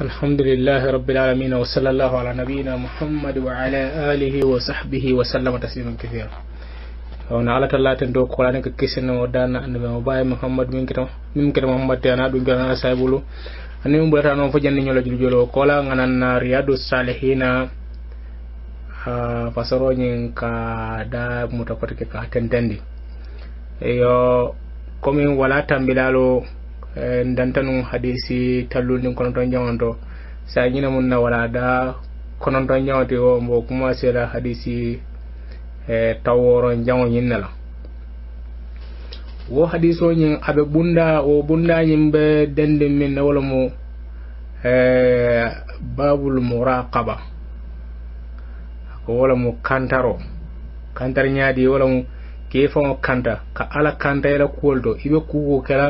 alhamdulillahi rabbil alamin wa sallallahu ala nabiyyina muhammad wa ala alihi wa sahbihi wa sallama tasliman kathira wona ala tallaten dow ko kolani ko kisinomo danna annabi mo bawi mouhammad min ketama min ketama mouhammad te ana ɗum jonana sabulu anni min ɓurata noon fo jandi ñolojulu jolo o kola gananna riyadu salihina fasoroñin ka da muta fotike ka tentandi yo commin wala tambilalo Eh, ndantanu hadisi tallundi kononto jamanto sa ñina mun na wala da kononto jamante o mbo commencé la hadisi eh, tawworo jango ñinna la wo hadise o ñin aɓe ɓunda o ɓundañin ɓe dendi min ne wala mu eh, babul muraqaba ko wala mu kantaro kantar ñaadi wala mu ke fao kanta ka ala kanta ela kuwol to iɓe kuku kela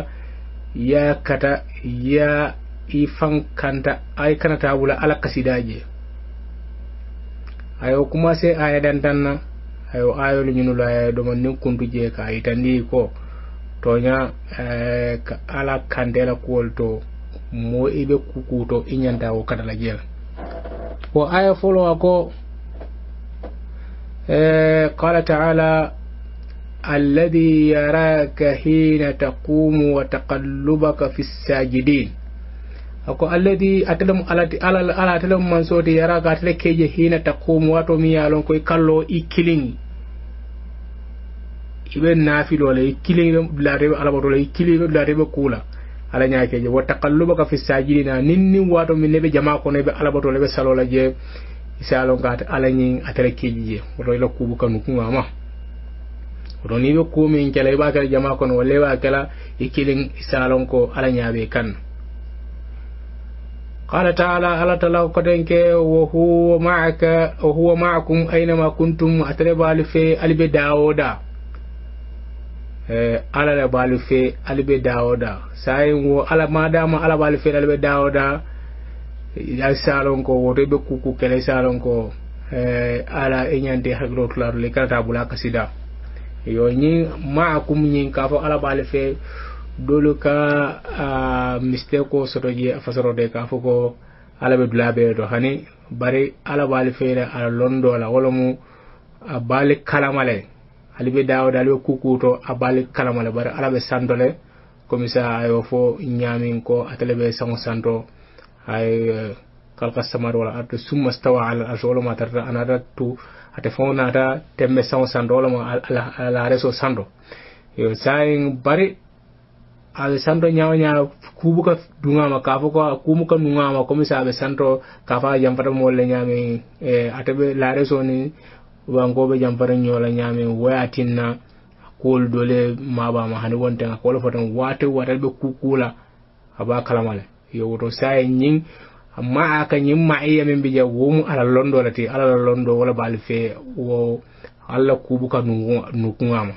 yakata ya ifankanta ay kanata wula ala kasidaje ayo commencé aya dantanna ayo ayolu ñunulu aya domanin kuntu je ka yitandi ko toña eh, ka ala kantela kuwol to mo ibe kukuto iñanta wo kanala jela wo aya folowa ko قال eh, تعالى alladi yaraka hina taqumu wa taqallubaka fi ssajidin ako alladi atelem alati ala atelem man sodi yaraka atele keje hina taqumu wato mi yalon koye kallo ikkilingi iɓe naafilole ikkilingi ɓe dulateɓe alabatole ikkilingi ɓe dulateɓe kuula ala ñakeje wa taqallubaka fi sajidin a ninni wato min neɓe jama kono ɓe alabatole ɓe salola je isalonka ate alañin atele keji je woto ila kuubu kanukugama oto niŋ i be kuu miŋ ke i be a jama kono walla i be a ke la i kiliŋ i se ko alla ñaabe kaŋ qala taala alla tala koten ke wo huwa maaka wo huwa maakum aynama kuntum atare baalu fe ali be daawo eh, ala la baalu fe ali be daawo daa saayin wo ala madama ala baalu fe ali be daawo daa ko woto e be kuku kele saalon ko eh, ala i e ñante hakkiloo tulaatu le i kanata bula kasi daa yo ñi maakum ñin ka fo alaɓale fe dolu ka mistake ko soto je fasorode ka fo ko alaɓe dulaɓee to hani bari alaɓale feere ala londola wala mu a baali kalamale haliɓe dawode haliɓe kukuto a baali kalamale bari alaɓe santole comme ça ayo fo ñamin ko ataleɓe sago santo ay kalka samar wala arta summa stawa alal arse wala ma tarta anata tout ate fof naata temme sawo sanndo walla mo ala reso sanndo yo sayin bari aɓe santo ñawa ñawa kuubu ka duŋama ka fo ko kuumu ka nuŋama comme ça aɓe santo ka fa jamfata moolu le ñaamiŋ e, ataɓe laare so ni wankoɓe jamfata ñoola ñaamiŋ woya tinna kuwolu dole mabama hani wonteŋa ko wala fotan waate wataɓe kukuula a ba kalama yo woto saye ñiŋ ma ka ñim ma iya min bija womu ala londo lati ala londo wala bal fe wo alla kubu ka nukuŋama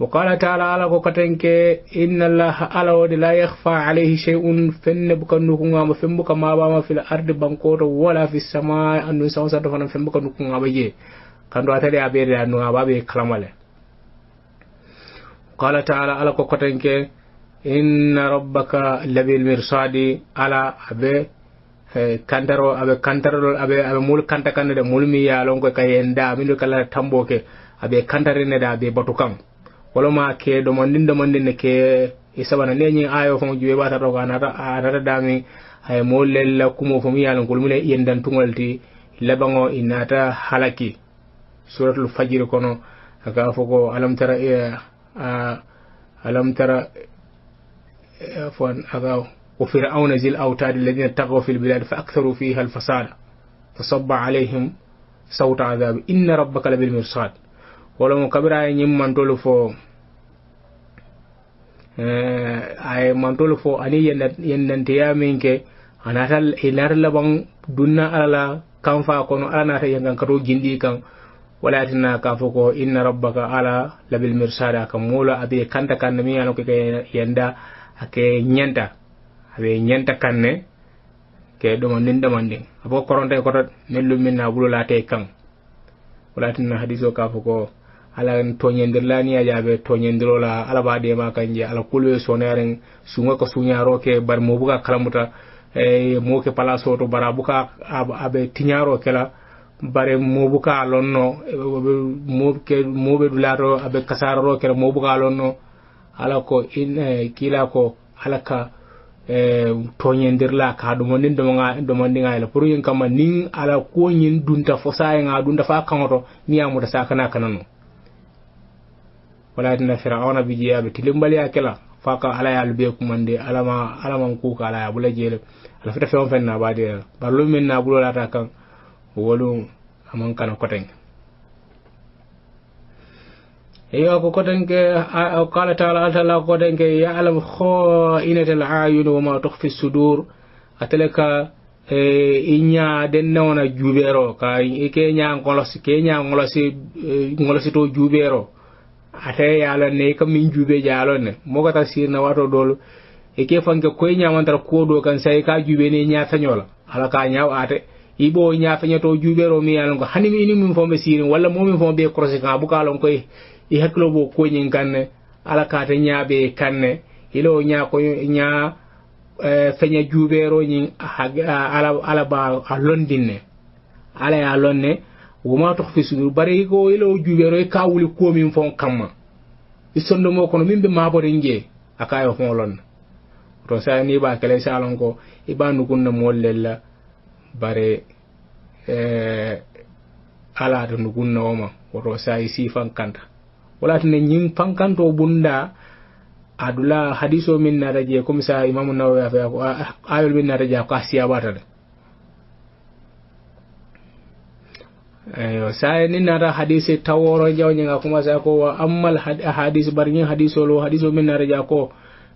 wa qala taala ala ko katenke inna allaha ala wa la yakhfa alayhi shay'un shey'un fenne buka nukuŋama fen buka ma fil ardi bankoto wala fi samaa annu sa sansanto fana fen buka nukuŋama je kando atade a ɓeede annu aɓa ɓe kalamale qala taala ala ko katenke inna rabbaka labil mirsadi ala abe e, kantaro abe kantarol abe abe mul kanta kan de mulmi ya lon ko e kay en da mi kala tambo ke abe kantare ne da be batu kam wala ma ke do mon ninde mon ninde ke e sabana ne nyi ayo fo juwe bata do ga na da da mi ay mol lel la kumo fo mi ya lon kulmi le yen dan tungalti labango inata halaki suratul fajr kono ga fo ko alam tara eh, alam tara عفوا أذاه وفرعون ذي الأوتاد الذين تغوا في البلاد فأكثروا فيها الفساد فصب عليهم صوت عذاب إن ربك لبالمرصاد ولو مكبر أي من تولو فو آه، أي من تولو فو أني يننتيا منك أنا تل إنار لبان دونا على كم فاكون أنا تيجان كرو جندي كم ولا تنا كافوكو إن ربك على لبالمرصاد كم مولا أبي كنت كان مي أنا كي يندا ake ñenta awe ñenta kanne ke ɗuma nin ɗaman ɗin abo koronta e kotot min lummin na wulo late kan wulatin na hadiso ka fo ko ala toñendirlani a jaɓe toñendirola ala ba ɗema kanje ala kuloye sonaren suga ko suñaro ke bari mo buka kalamuta e mo ke place to bara buka aɓe tiñaro kela bare mo buka lonno eh, mo ke mo ɓe ɗulato aɓe kasararo kela mo buka lonno ala ko in kila ko ala ka toñendirla ka ɗumondin domandinga la pour yin ma nin ala ko koñin dunta fo sayenga dunta fa kaŋoto niyamuta sakana kanano walatina firauna bi jeyaɓe tilimbaliya kela fa ka ala yalu be kumande alama alaman kuka ala ya bula jele ala fita fewo fen na de la lum min na bulolata kan wolum aman kana koten yo ko kotenke kala taala altala ko kotenke yaalam ho inatel ayun wo ma tohfi sudour atele ka i ña den newona juuɓeero ka ke ña ngolosi ke ña ngolosi e, ngolosi to juuɓeero ate yaalon ne e kam min juuɓe jaalon ne mogata sirna wato dool e ke fanke koye ñamantara kuwo ɗo kan say ka juuɓe ne ña tañola ala ka ñaw ate ibo to juɓero miyalon ko hanimi ini min fomɓe sirin walla momin fomɓe ɓe conséquent bukalon koye i hakkilo bo koñin kanne ala kate ñaaɓe kanne ilo ñako ña e, feña juɓeroñin ala ala ba a londinne ala ya lonne woma tox fi sudur bare ko ilo juɓero i ka wuli komin fon kamma i sondomo kono min ɓe maboɗen jee akayo fon lonna to sa ni ba kele salon ko i ba nukunna mollel la bare e, alaɗo ndu gunnooma woto sayi si fankanta wala tene ñin fankanto bunda adula hadis o min nata je comme ça imamu nawawi afa ko ayol min nata je ko asiya bata de eyo sa ni nata hadis taworo e jaw nga kuma sa ko ammal hadis bar ñin hadis o lo hadis o min nata je ko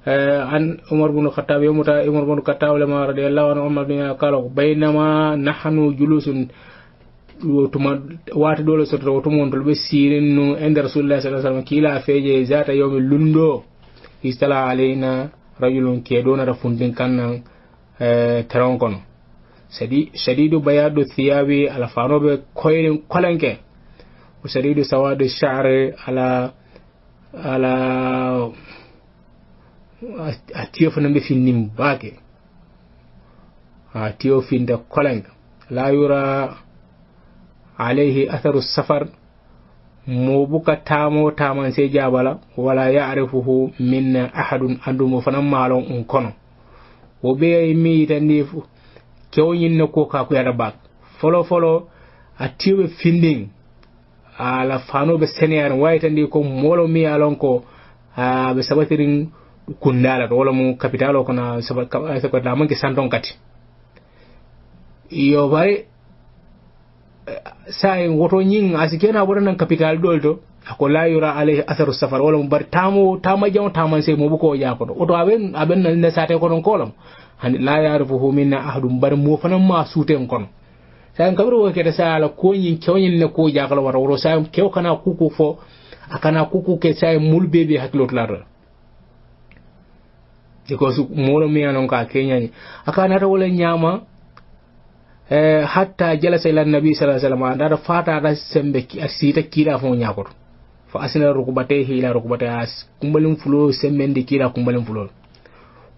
Eh, an umar bunu khattab yomuta umar bunu khattab lema radiallahu anu umar dunia kalo baynama nahanu julusun tuma wata dole sotota ko tumontol ɓe sirin nu e nder rasulillahi sa sallam kila feje zata yomi lundo istala alayna rajulun ke donata funtin kannan eh, teron kono sadi shadidu bayadu thiyabi ala fanoɓe koyrin kolenke o shadidu sawadu shaare ala ala atiyo fana be finnin baake atiyo finda kolenga la yura alayhi atharu safar mo buka tamo taman se jabala wala ya'rifuhu minna ahadun andumo fana maalon un kono wo be mi yitandi kewñin no ko ka kuyata baak folo folo a tiyoɓe findin ala fanoɓe sénéar wayitandi ko molo mi alon ko ɓe sabatirin kundala to wala mu capital ko o kono secrétaire manke santon kati yo bare eh, sa en woto nyin asikena kena waɗanan capital ɗol to ako la yura ale asaru safar wala mu bari tamo tama jaw tama sey mo buko to aben aben na ne sate ko konon kolam hani la yarifuhu minna ahdum bari mo fanan ma suten kon kono sayan kabru wo da sa ala koñin kewñin ne ko jakala wata woto sayan kew kana kuku fo akana kuku ke mulbebe mulɓeɓe hakkilotulata because mono mi anon ka kenyani na ta wala nyama eh hatta jala sai lan nabi sallallahu alaihi wasallam da fata da sembe ki asita kira fo nyakoto fa asina rukbatayhi ila as kumbalin fulo semen de kira kumbalin fulo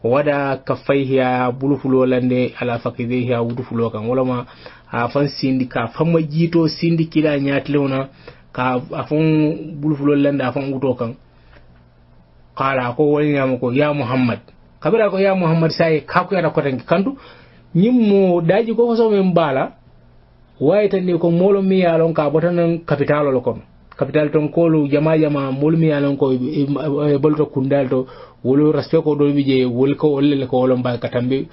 wada kaffaihi ya bulu fulo lande ala fakidehi ya wudu fulo kan wala ma a fan sindika ka fan majito sindi kira nyatlewna ka a fan bulu fulo lande a fan wuto kan qala ko wani ya ko ya muhammad kabira ko ya muhammad sai ka ku yana kotan kandu mo daji ko so men bala wayitan ni ko molo mi yalon ka botanan capitalo lo kono capital ton kolu jama jama mulmi yalan ko eh, eh, bolto kundal to wolo respect ko do bije wol ko wolle ko wolon ba katambe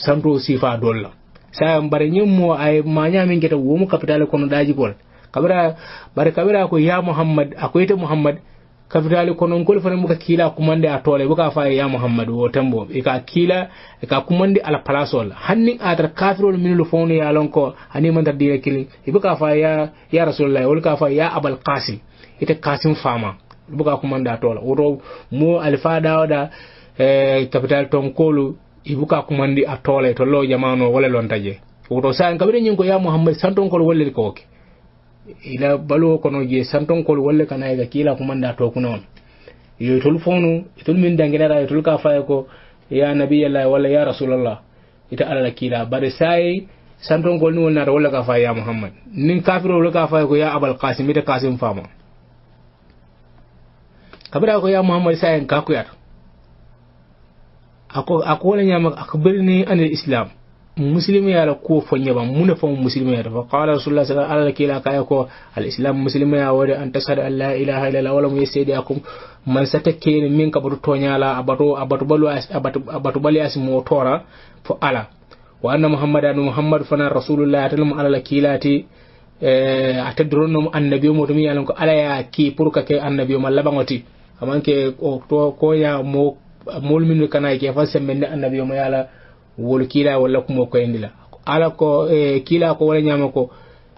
santo sifa dolla sa bare mo ay manya min geta womu capital kono daji gol kabira bare kabira ko ya muhammad akoyte muhammad kafitali kono kol fana muka kila kumande a tole buka fa ya muhammadu o tambo ka kila e kumande ala palasol hanni atar kafirol min lu fonu ya lon ko man tar dire kilin e fa ya ya rasulullahi wal ka fa ya abul qasim ite qasim fama buka kumande a tole woto mo alfa dawda e eh, kapital ton kolu kumande a to lo jamano wala lon woto sa kabire nyin ya muhammad santon kol wallel ko ila baluwo kono je kol wala kana e ga kila da to kuno yo itul fonu itul min danginara itul ka fay ko ya allah wala ya rasulallah ita alala kila sai santon kol ni wala wala ka fay ya muhammad nin kafiro wala ka fay ko ya abal qasim ita kasim fama kabira ko ya muhammad ku ya ako ako wala nyama akbirni anil islam muslimi yala ko ba muna fa muslimi ya fa qala rasulullah sallallahu alaihi wasallam kaya ko al islam muslimi ya wada an tashhadu an la ilaha illallah wala muyassidi akum man satake min ka batu tonyala abato abato balu abato abatu bali as motora fo ala wa anna muhammadan muhammad fana rasulullah atalum ala kilati eh atadronu annabi mu dum yalan ko ala ya ki pour ka ke annabiyo labangoti amanke ko to ko ya mo mulminu kana ke fa sembende annabiyo mo yala wolu kila walla kumo indi la ala ko e, kila ko wala ñama ko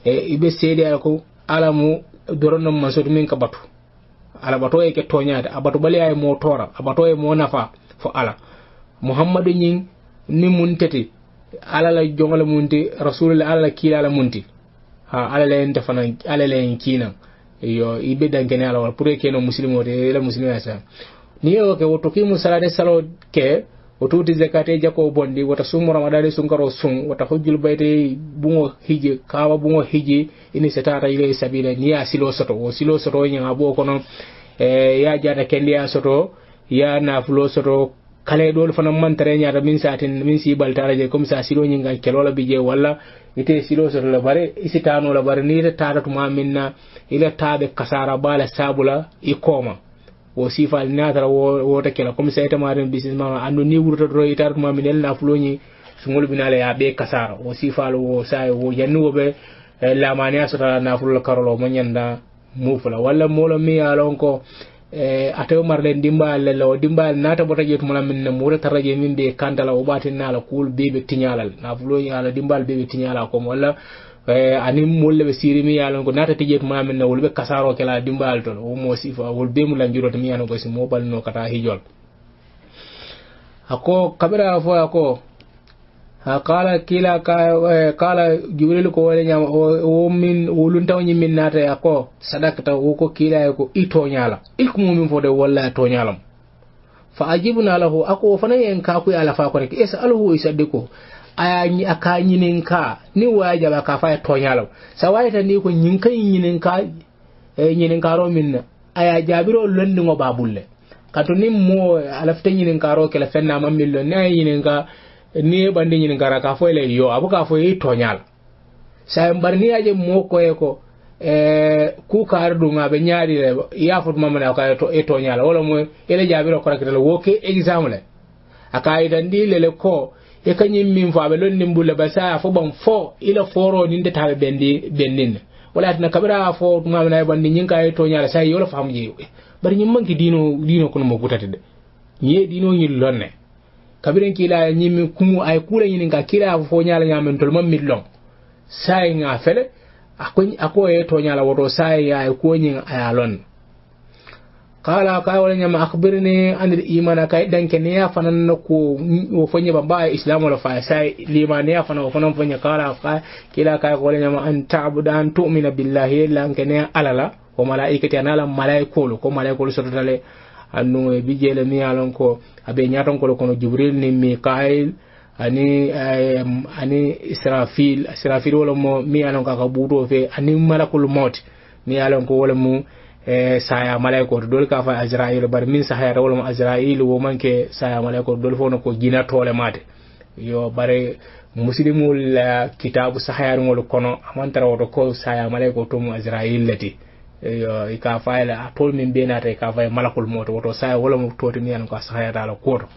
e, ibe seedi ala ko ala mu doronnom man sotu min ka batu ala bato e ke toñade a batu ɓali ay mo tora a bato e mo nafa fo ala muhammadu ñin ni mun teti ala la jongole munti rasulullah ala la kiila la munti ha ala la yente fana ala la yen kiinan yo i be ala wala pour que keno musilimo te la musilimo ya sa ni yo ke wo tokimu salate salo ke o tuuti zakate jako bondi wata sumu sun karo sun wata hujjul bayte bungo hije kawa bungo hije ini setata ile sabila ni ya silo soto o silo soto nyanga bo kono e ya jana kendi ya soto ya nafulo soto kale dol fana man mantare nyaata min satin min si baltara je comme sa silo nyinga kelola bije walla ite silo soto la bare isitano la bare ni ta ma tuma minna ila be kasara bala sabula ikoma wo sifal natara wota kela comme ça business businessman ando ni wurta doro itar kuma min elna fuloñi sugol binala ya ɓe kasara wo sifal wo saye wo janni wo ɓe lamani a sotala nafulola karolo mo ñanda mufula walla molo mi lon ko atewo marlen dimbayal lella o dimbayal naata bota ƴe tumala min ne mura taraje min ɓe kantala o ɓatinnala kuol beɓe tiñalal nafuloñi ala dimbayal beɓe tiñala kom walla Eh, ani molle ɓe sirimi yalon ko nata tijet mamin na wolɓe kasaro kela dimbal toon omo sifa wol bemu lanjirota miyano kosi mobalno kata hijol ako kaɓira fo ako kala kila kala jibril ko wale ñama womin woluntawñi min nata ako sadaka taw woko kila ko i toñala ilko mumin fo de walla toñalam fa ajibna lahu ako fana yen kakuy ala fa kone ko esa alahu i sadde ko ayani aka ñininka ni waya ba ka faya toñalaw sa ta ni ko ñin kay ka ro min na aya jabiro ngo babulle kato ni mo alafta ñininkaro kela fenna ma millo ni aya ka ni ye bandi ñininkara ka fo le yo abu ka fo ye toñala sayen bari ni yaje mo e ko eh, ku ardu ma be nyaari le yafotuma ka to e toñala wala mo ele jabiro korakitala wo ke exemple aka yitandi lele ko e kañum min fa aɓe lonni mbula ba sa fo bon fo ila foro nin detaɓe bendi ɓendinne wala tina kaɓira fo mamanayi bandi ñinka e nyaala sai yola fam jeeyo bar ñim manki dino dino kono mo gutati de nyi dino nyi lonne kabiren kila ñimmi kumu ay kula ñinin ka kila fo nyaala ñamen tol mam mit lon sai nga fele akoy akoy e nyaala woto sai ay ko nyi ay lonne kala ka wala nyama akbir ni anir imana kai dan ke niya fanan na ku wo fanya ba ba islam wala fa sai lima niya fanan wo fanan fanya kala ka kila ka wala nyama an ta'budu an tu'mina billahi lan ke niya alala wo malaikati anala malaikulu ko malaikulu sotale annu e bijele mi alon ko abe nyaton ko ko jibril ni mikail ani ani israfil israfil wala mo mi alon ka ka buto fe ani malakul mot mi alon ko wala mu Eh, saya malayko to dol ka fa azrail bar min sa hayra wala azrail wo manke saya ko dol fo ko jina tole mate yo bare muslimul eh, kitabu sahayar ngol kono amantara woto ko saya ko to mu azrail lati eh, yo e ka fa la tol min benata e ka fa malakul moto woto saya wala toti mi an ko sahayata la koto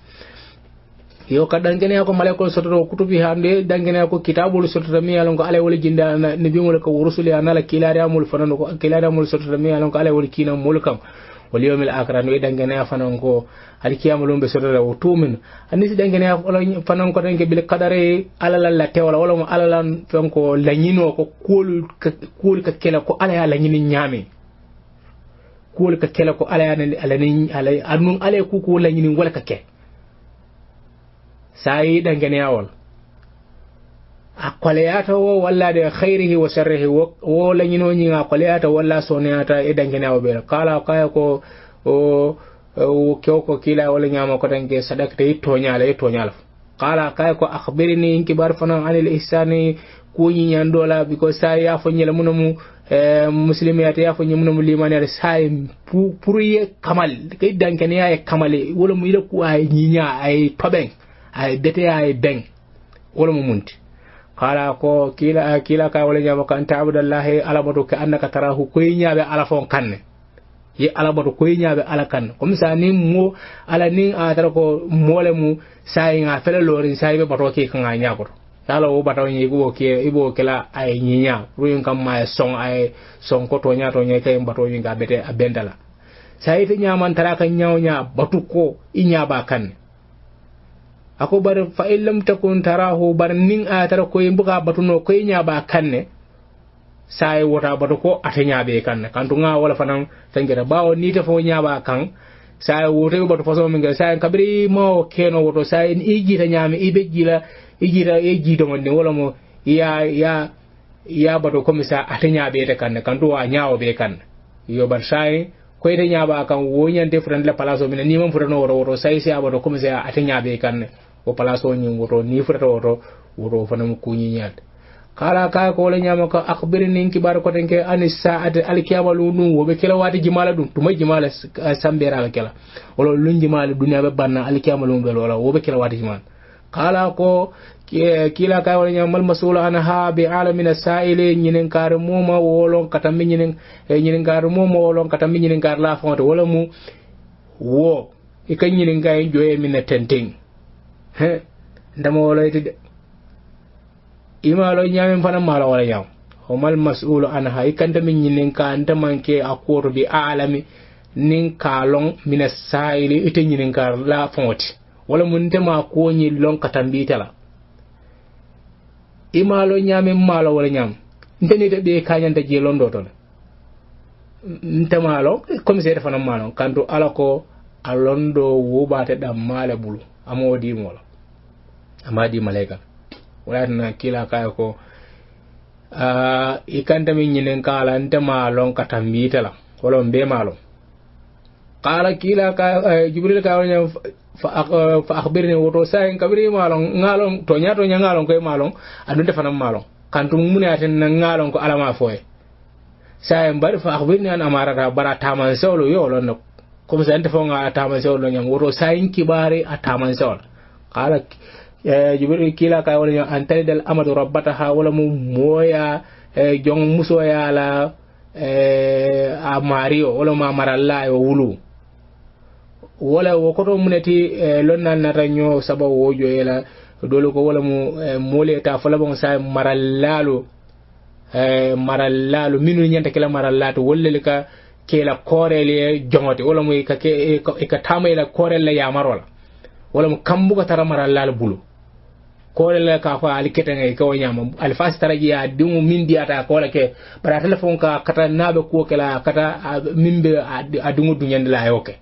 yo ka dangene ko male ko ko kutubi hande dangene ko kitabul sotata mi alon ko ale wol jinda ne bi mul ko rusuli anala amul fanan ko kilari amul sotata mi alon ko ale wol kinam mulkam kam wala yomil akara no dangene fanan ko al kiyamul be sotata o tumin anisi dankeneya fanan ko dangene bil qadare alala la tewla wala mo alala fen ko lanyino ko kuol kuol ka kela ko ala alaya lanyini nyame kuol ka kela ko ala ala ni ala anun alay ku ko lanyini wala ka kela sayiɗa geneyawol a koleyata wo wa sharrihi wo sarrihi wo lañinoñiga koleyata walla soniyata e dangeneyawo ɓeela kala kaya ko o kew ko kiila walla ñama kotanke sadakta i toñala i toñala fo kala kaya ko akhbirini in kibar fana anil ihsani kuñi ñandola biko sa fo ñela munamu eh, muslimiyata yafo ñe munamu limani sa sai ye kamal kay dankeneya e kamale wala mu ila ku ay ñiña ay pabeng ay bete ay beng wala mu munti kala ko kila kila ka wala nyama kan ta'budallahi ala madu ka annaka tarahu koy nyaabe ala fon kanne yi ala madu koy nyaabe ala kanne ko misa ni mo ala ni a ah, tara ko mole mu sayi nga fele lorin sayi be bato ke kan nga nyaako yala wo bato nyi go ke ibo kila ay nyinya ruyin kam ma son ay son ko to nya to nya kay bato yin bete abendala sayi fi nyaaman tara kan nyaaw nya batuko i nyaaba ba kanne ako bar fa illam takun tarahu bar nin a tar ko buka batuno ko nya ba kanne sai wota batu ko ate nya be kanne kan Nga wala fanan tangira bawo ni ta fo nya ba kan sai wote be batu faso min ga sai kabri mo keno woto sai in igi ta nya mi ibe gila igi ra igi do mon wala mo ya ya ya batu ko misa ate nya be ta kanne kan wa nya o be kanne yo bar sai ko ita nya ba kan wo nyante furan la palaso min ni man furano woro woro say sai abato ko misa ate nya be kanne wo place o ñiŋ woto niŋ futata woto woto fanaŋ kuñiñaate kala kaya ko wala ñama ko akhbiri nin kibar ko tenke ani saati alkiyama lu nun wobe kela wati jimala dun tuma jimala sambera ga kela wala lun jimala duniya be banna alkiyama lu bel wala wobe kela wati jimala kala ko kila kaya wala ñama mal masula an ha bi alamin sa'ile ñinin kar moma wolon katammi ñinin ñinin eh, kar moma wolon katammi ñinin kar la fonte wala mu wo ikan ñinin kay joye min tenteng he ndema woloyti de imalo ñaamin fana maalo wala ñaam homal masulu an ha ikkantami ñinin ka nta manke a kuoto bi alami nin ka lon mina sahili ite ñinin ka la foŋoti wala mun ntema kuoñi lon ka tambiita la imalo ñaamin maalo wala ñaam ntenita ɓe kañanta jee lon do tole ntemalo commissaire fana maalo kantu ala ko a londo wuɓate ɗam maale bulu amowo dimola amadi di wala na kila kaya ko uh, ah, i min nyinen kala, nte maalon ka tambiita la wala mbe maalon kala kila ka uh, jibril ka wala eh, fa akhbirni woto sayin kabiri maalon ngalon to ñato ña ngalon koye maalon adunte fanan maalon kantum mune aten na ngalon ko alama foye sayin bari fa akhbirni an ka bara taman solo yo lon ko ça nte fo nga taman solo nyam woto sayin kibari a taman sewlo Eh, juɓe kila ka wala ñoo an talidal amadu rabbataha wala mu moya eh, jong la eh, a mari o wala ma maralla o wulu wala wo koto muneti lonnal nata ñoo sababu wo joyela dole ko wala mu mole ta fala bon sa marallalo marallalo minu ñanta kila marallato wallel ka kela korele jongote wala mu ka ka tamayla korel la yamarola wala mu kambuga tara marallalo bulu kole la ka fa al kete ngai ko nyama al fas taraji ya dimu min di ata kole ke bara telefon ka kata nabe ko kala kata mimbe adungu dunyande la yoke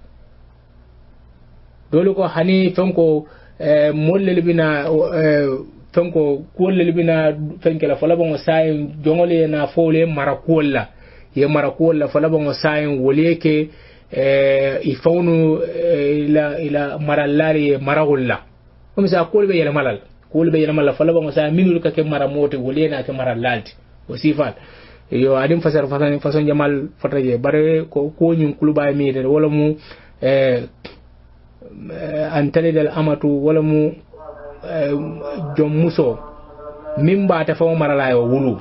dole ko hani fenko eh, molle libina eh, fenko kuolle libina fenke la fala bongo sai jongole na fole mara kuolla ye mara kuolla fala bongo sai woleke eh, i faunu ila ila marallari marahulla comme ça kolbe yele malal kul be yana mala falaba musa minul ka ke mara mote wole na ke mara lalti o sifal yo adin fasar fasan fasan jamal fataje bare ko ko nyun kuluba mi de wala mu eh, eh antali dal amatu wala mu eh, jom muso min ba ta fa mara layo wulu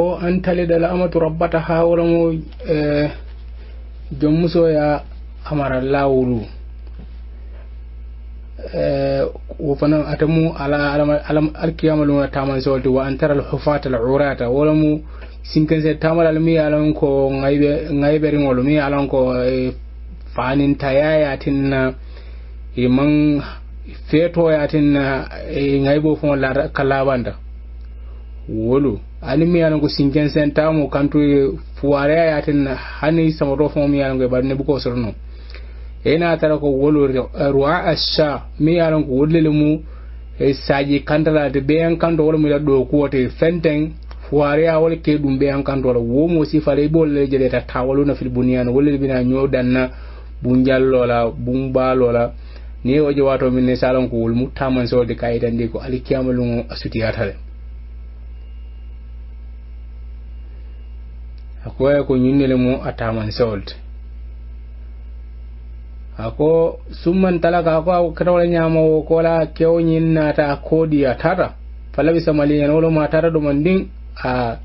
ko an tali da la'amatu rabbata ha hawra mu eh, muso ya amara lawulu eh, wo fana atamu ala alam alkiyama luma taman solti wa antara alhufata alurata wala mu sinkense tamal almi alam ko ngaybe ngayberi ngol mi alam ko eh, fanin tayaya tinna iman eh, feto ya tinna eh, ngaybo fon la kalabanda wolu alimi yanango sinken sen tamu kantu fuwareya yatin hani samato fo mi yanango bari ne buko sorno ena tara ko wolo ru'a asha mi yanango wollele mu e, saji kantala de be an kanto mi la do ko te fenten fuwareya wala ke dum be an kanto wo mo si fare bol le jede ta tawalo na fil bunyan wolle bina nyo danna bunjallo la bumbalo la ni waje wato min ne salon ko wol mu taman de kayitan de ko alkiyamalu asutiyata koye ko ñunnele mo a taman sewolte ako summan talaka ko ako ketawla ko la kewo ñin naata koodi a tata falabisa maliyan wolo ma tata ɗoman ndin a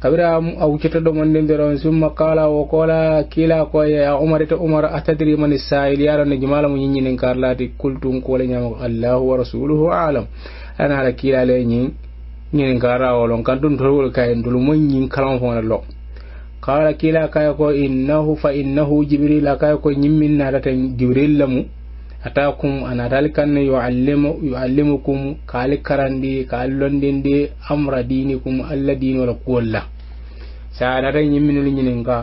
kabira a wuccita ɗoman ndin doron summa kala wo ko la kila koye a umar ita umar a tadiri mani sahil yaron ne jumala mu ñiñinin karlati kultun kola ñamako allahu wa rasuluhu alam ana ala kila le ñin ñinin kara wolon kan ɗum tolwol kayen dulu mo ñin kalan fona lo kala kila kaya ko innahu fa innahu jibril kaya ko nyimmin nadata jibril lamu atakum anadal kanne yuallimu yuallimukum kali karandi kali londindi amra dinikum alla dinu la kuwalla sa nadata nyimmin li nyinin ka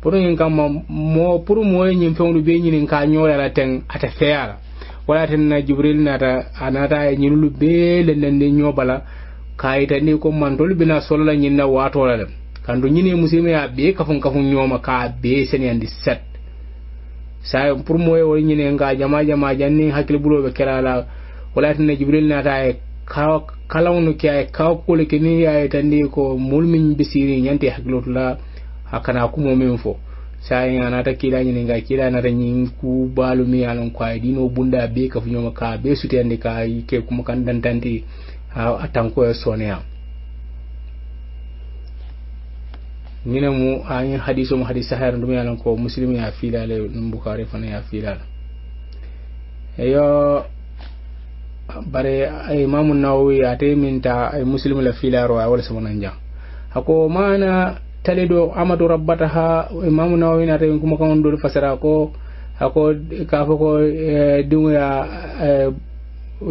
puru nyin kama mo puru moye nyin fengdu be nyinin ka nyola la teng ata feyara wala tenna jibril nata anata nyinulu be lendende nyobala kaitani ko mantol bina solla nyinna watola lam kando ñine musime ya be kafun kafun ñoma ka be sen yandi set sa pour moye wala ñine nga jama jama janni hakil bulo be la wala tan jibril na ta e ka kalawnu ke ay ka ko le ke ni ya tande ko mulmin bisiri ñanti ñante la hakana ku mo men fo sayin ana ta kila ni ga kila na ta nyin ku balu mi alon kwa e di no bunda be ka funyo ka be su tende ka ke kuma kan dantante a tanko ya sonya ñine mu ayi hadise mu hadise sahara ndum yalan ko muslim ya filale num boukari fana ya filala eyo bare imamu nawwi atey min ta ay muslim la filaro a wala sama nan jang hako mana tale do amadou rabbata ha imamu nawwi na tay kuma kan do fasara ko hako ka fo ko e, dingu ya e,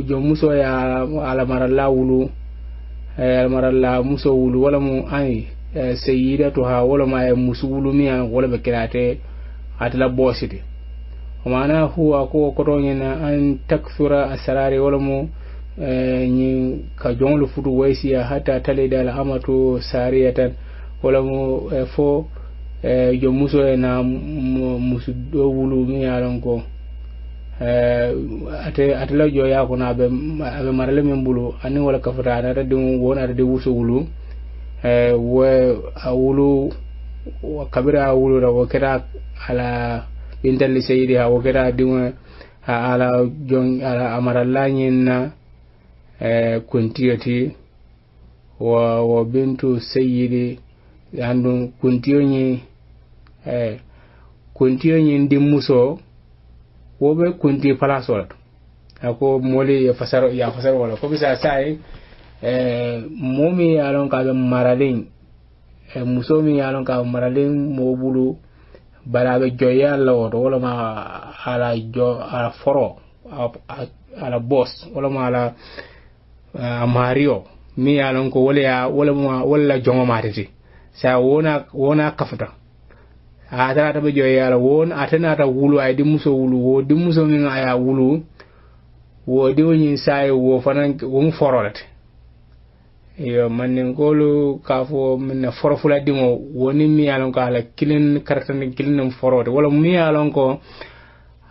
jo muso ya alamara lawulu e, alamara la muso wulu wala mu ay to eh, ha sayyidatuha woloma e an wala be kirate atla bosite mana huwa ko kotoñena an takthura wala mu eh, ni ka jonglu futu waisi ya hatta talida al amatu wala mu eh, fo yo muso e na musudo wulu mi yalon ko ate atla jo ya ko na be marale min bulu anin wala kafuta anata diŋ won ata di wuso wulu Eh, awulu kabira awulura wo kera ala bintali seyidi ha wo kera diŋo ala jon ala amarallañin na eh, kuntiyo ti wa wa bintu seyidi andum kuntiyo ñi eh, kuntiyo ñin dimmuso wo ɓe kunti place wala to ako mooli ya fasaro ya fasaro wala ko bisa sayi mɔɔ min y'a lɔn k'a bɛ maralen muso min y'a lɔn k'a bɛ maralen mɔɔ bolo bari a bɛ jɔya la wɔtɔ walama a la jɔ a la fɔrɔ a la bɔs walama a la a maariyɔ min y'a lɔn ko wale ya walama wale la jɔngɔ maarete sa wona wona kafuta a tana ta bɛ jɔya la won a tana ta wulu a ye denmuso wulu wo denmuso min a y'a wulu wo denw yin sa ye wo fana wo fɔrɔ la ten yo manne ngolu ka fo minna forofula dimo woni mi yalon ko ala kilin karatani kilinum forode wala mi yalon ko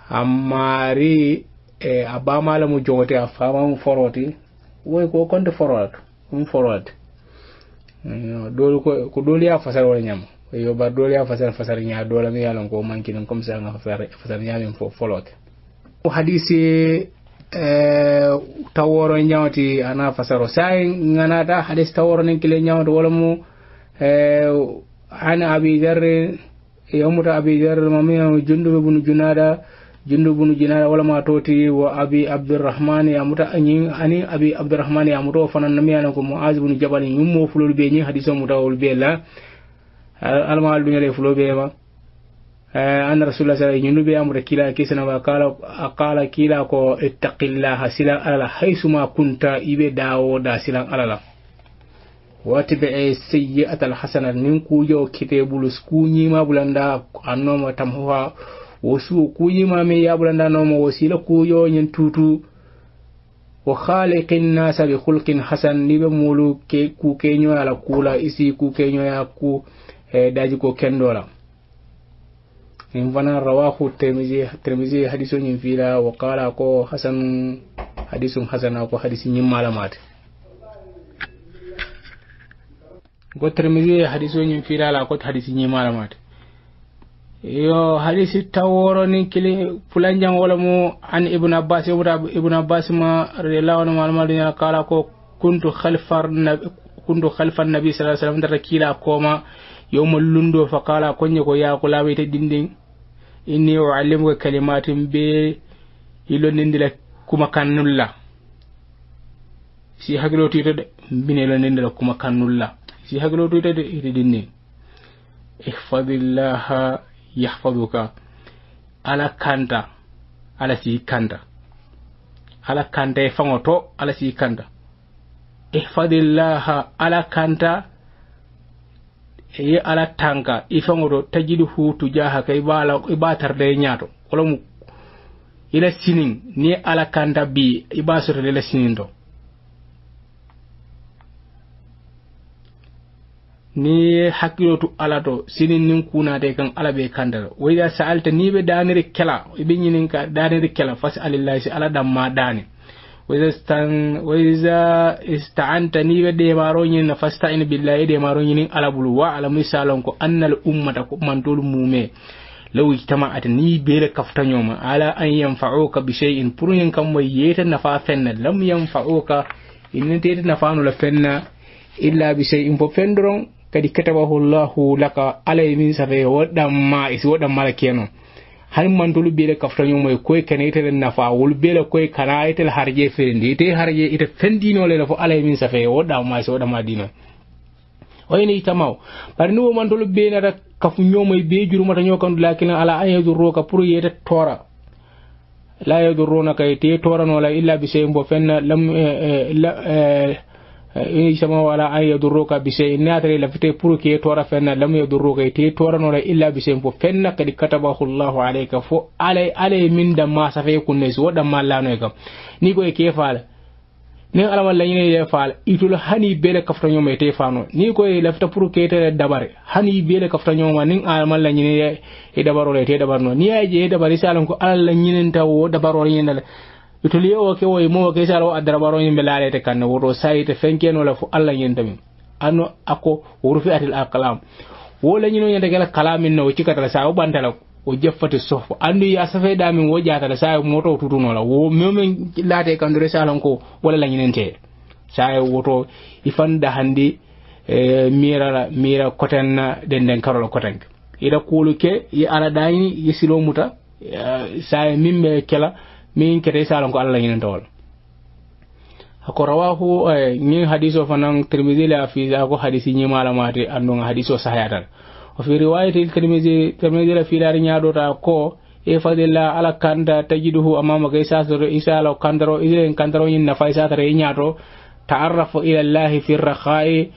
amari e a eh, bamala mu jogote a famam foroti woy ko konde forot um forot dolu ko ko dolu ya fasar wala nyam yo bar dolu ya fasar fasar nya dola mi yalon ko mankinin comme ça nga fasar fasar nyamin fo folote hadisi Eh, taworo ñawti ana fasaro sai ganata hadis taworonin kile ñawti wala mu eh, an abi jarri yawmuta abi jarri mami junduɓe bunu junada jundu bunu junada wala ma toti wa abi abdurrahman yamuta ñin ani abi abdurrahman yamuta o fanan nami yanan ko moage bunu jaɓani ñummo fulol be nyi hadis o be la almal dunya le fulobe ma Eh, anna rasulullah sala ñunu be amure kila kisana wa kala akala kila ko ittaqillaha sila alala haysuma kunta ibe dawo da sila alala watibe e sayyi'at alhasanat min ku yo kite bulus ku nyima bulanda annoma tamhuwa wasu ku nyima me ya bulanda noma wasila ku yo nyen tutu wa khaliqin nasa bi khulqin hasan nibe mulu ke ku kenyo ala kula isi ku kenyo ya ku eh, daji ko kendola nin fana rawahu tirmizi tirmizi hadiso ñin fiila wa qala ko hasanu hadisum hasana ko hadisi ñin go tirmizi hadiso ñin la ko hadisi ñin yo hadisi taworo ni kili fulanjan wala mu an ibn abbas ibn abbas ma radiyallahu anhu malama kala ko kuntu khalfar kuntu khalfa nabi sallallahu alaihi wasallam dara kila koma yawmal lundo fa kala konye ko ya kula bai inni uallimuka kalimatin be nindila kuma kannulla si hagilotuita de mbine nindila kuma kannulla si hagilotuita de ite dinni ihfadillaha yahfaduka ala kanta ala si kanta ala kanta e faŋo to ala si kanta ihfadillaha ala kanta ye ala tanka ifaŋoto tajidi hutu jaha ka iba tarda ye ñato wolamu ila sinin ni ala kanta bi iba sotole ila sinin to ni ye hakkilotu ala to sinin nin kunate kan ala be kanta to woyda sa alta ni be daniri kela ibe ñininka daniri kela fasi alillahi si ala damma dani waiza ista'anta ni be de maroñin na fasta'in billahi de maroñin ala bulu wa ala misalon ko annal ummata ko mantolu mume law ijtama'at ni bere kafta nyoma ala an yanfa'uka bi shay'in purun kan way yeta nafa fenna lam yanfa'uka in teta nafanu la fenna illa bi shay'in bo fendron kadi katabahu Allahu laka alay min safe wadamma is wadamma la kenon har mantolu bele kaftanyo moy koy kene ite den nafa wol bele koy kana ite harje fendi te harje ite fendi no le fo alay min safe o da ma so da ma dino wayne itamaw par ni wo mantolu be na ka fu kafu ñomay be juru mata ta ñokandu lakin ala ayadu roka pur yete tora la yadu tora no la illa bi sey mbo fenna lam eh, eh, eh, Eh, sama wala an yadurruka bi shay'in ne la lafite pour ke tora fenna lam yadurruka te tora no illa bi shay'in fo fenna kadi kataba allah alayka fo alay alay min da ma safe kunne so da mallano e kam ni ko e ke fala ne alama lañine ye faala itul hani bele kafta nyoma ite fano ni ko la lafita puruke ke ite dabare hani bele kafta ñoma nin alama lañine ne e le te dabarno ni ay je e dabari isalan ko alala ñinen taw wo dabarole ñinala itoliyo ke wo mo ke saro adarabaro yimbe lalete kanne woto sayite fenkeno la fu alla yentami anno ako wurufi atil aqlam wo la nyino yente gala kalamin no cikata sa o bantala o jeffati sofo andu ya safe damin wo jatata sa moto tutuno la wo memen laate kandure salon ko wala la nyinente sa woto ifanda handi e eh, mira la mira kotenna den den karol kotenk ida kulu ke yi ala dayni yi silo muta eh, sa min be kela min kete salon ko allah ñinen towol ako rawahu ñin eh, hadise o fanan tirmidi la fi ako hadisi ñimalamati andunga hadise o sahayatan o fi riwayati tirmidi tirmidi la filari ñaɗota ko e fadilla ala kanda tajiduhu amama ga isasoro isala kandaro ilen kandaro ñin nafa isatara e ñaato taarrafu ila llahi fi rrakhai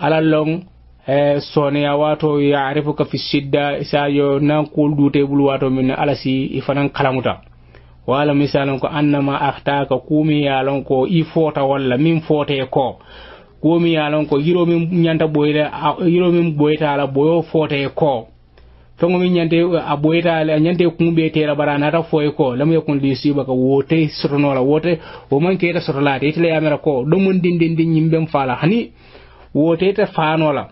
ala long eh, soneya wato yarifuka fi sidda isayo nan kul dutebul wato min ala si ifanan kalamuta wala misalon ko annama ahtaka kuumi yalon ko i foota walla min foote e ko kuumi yalon ko yiromin ñanta ɓoyle yiromin ɓoytala ɓoyo foote ko fengo min ñante a ɓoytale a ñante kuuɓe tera bara nata foye ko lamu yakkun li siba ka wote sotonola wote wo man keyta sotolate itila yamera ko ɗomon dindindi ñimɓen faala hani wote ta fanola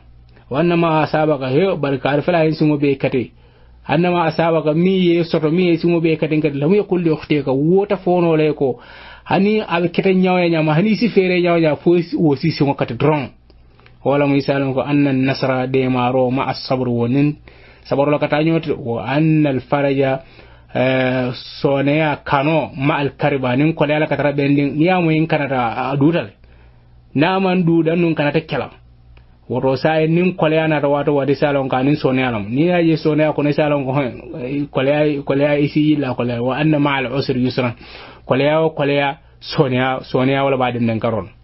wannama a sabaka he barikaari fela hen sigo ɓe kate annama asabaka mi ye soto mi ye simo be katen kadi lamu yakul ukhte ka wota fono le ko hani abe kete nyawe nyama hani si fere nyawya fo wo si simo kati drong wala mu isalam ko anna nasra de maro ma as-sabr wonin lo kata nyoti wa anna al-faraja eh, soneya kano ma al-kariba nin ko le ala katara bending ya mu yin kanata dutal naman dudan nun kanata kelam woro sai e nin koleya nata wato wadi salon ka sonya lam ni ya ye ko ne salon ko eh, koleya koleya isi la koleya wa anna ma al usri yusra koleya koleya sonya sonya wala badin nan karon